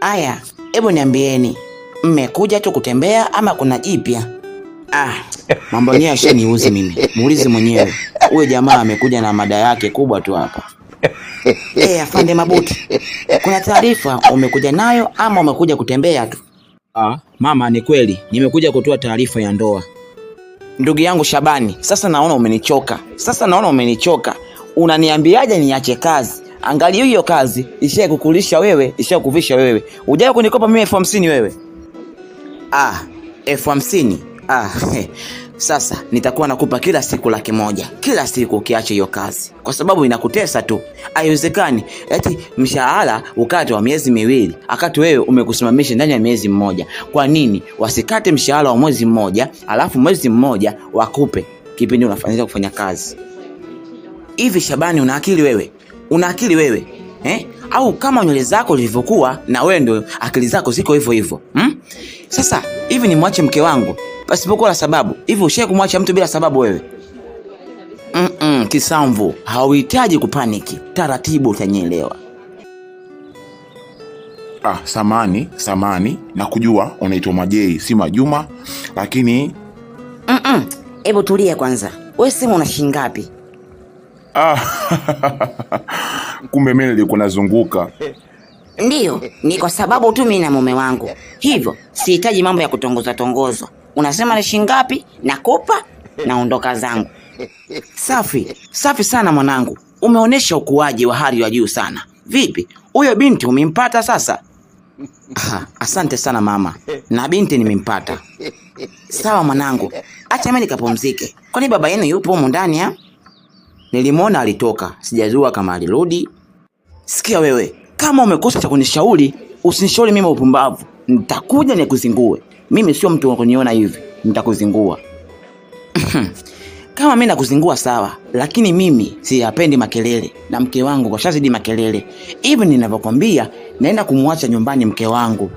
Aya, hebu niambieni, mmekuja tu kutembea ama kuna jipya? Ah, mambo yenyewe ashaniuzi mimi, muulizi mwenyewe huyo. Jamaa amekuja na mada yake kubwa tu hapa. Hey, eh, afande Mabuti, kuna taarifa umekuja nayo ama umekuja kutembea tu? Ah, mama, ni kweli nimekuja kutoa taarifa ya ndoa. Ndugu yangu Shabani, sasa naona umenichoka, sasa naona umenichoka. Unaniambiaje niache kazi Angalia hiyo kazi ishaye kukulisha wewe, ishaye kukuvisha wewe. Ujaye kunikopa mimi elfu hamsini wewe. Ah, hamsini. Ah, he. Sasa nitakuwa nakupa kila siku laki moja kila siku, ukiacha hiyo kazi, kwa sababu inakutesa tu. Haiwezekani eti mshahara ukate wa miezi miwili, akati wewe umekusimamisha ndani ya miezi mmoja. Kwa nini wasikate mshahara wa mwezi mmoja, alafu mwezi mmoja wakupe kipindi unafanyia kufanya kazi? Hivi Shabani, una akili wewe? Una akili wewe eh? Au kama nywele zako zilivyokuwa, na wewe ndio akili zako ziko hivyo hivyo hmm? Sasa hivi nimwache mke wangu pasipokuwa na sababu? Hivi ushae kumwacha mtu bila sababu wewe? mm -mm, Kisamvu, hauhitaji kupaniki, taratibu utanyeelewa Ah, samani samani, nakujua unaitwa Majei si Majuma, lakini hebu mm tulia kwanza. Wewe simu una shilingi ngapi? Ah, kumbe mimi nilikuwa nazunguka. Ndiyo, ni kwa sababu tu mimi na mume wangu, hivyo sihitaji mambo ya kutongoza tongozo. Unasema ni shilingi ngapi? Nakupa, naondoka zangu. Safi safi sana mwanangu, umeonyesha ukuaji wa hali ya juu sana. Vipi, huyo binti umempata sasa? Ha, asante sana mama, na binti nimempata. Sawa mwanangu, acha mimi nikapumzike. Kwani baba yenu yupo humu ndani? Nilimwona alitoka, sijajua kama alirudi. Sikia wewe, kama umekosa cha kunishauri usinishauri mimi upumbavu. Nitakuja nikuzingue. Mimi sio mtu wa kuniona hivi, nitakuzingua. Kama mimi nakuzingua sawa, lakini mimi siyapendi makelele na mke wangu kwa shazidi makelele. Hivi ninavyokwambia, naenda kumwacha nyumbani mke wangu.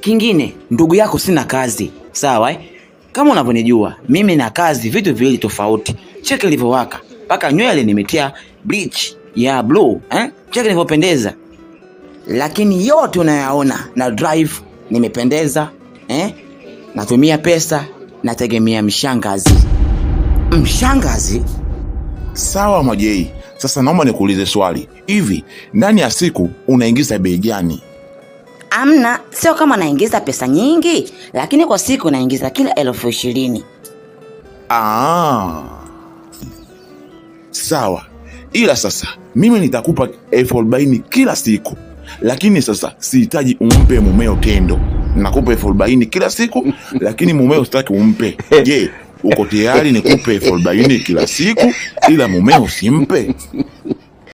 Kingine, ndugu yako sina kazi, sawa eh? Kama unavyonijua, mimi na kazi vitu viwili tofauti. Cheki ilivyowaka mpaka nywele nimetia bleach ya blue eh, cheki nilivyopendeza, lakini yote unayaona na drive nimependeza eh, natumia pesa, nategemea mshangazi. Mshangazi? Sawa Mwajei, sasa naomba nikuulize swali, hivi ndani ya siku unaingiza bei gani? Amna, sio kama naingiza pesa nyingi, lakini kwa siku naingiza kila elfu ishirini. Ah sawa, ila sasa mimi nitakupa elfu arobaini kila siku, lakini sasa sihitaji umpe mumeo tendo. Nakupa elfu arobaini kila siku, lakini mumeo sitaki umpe. Je, uko tayari nikupe elfu arobaini kila siku, ila mumeo simpe?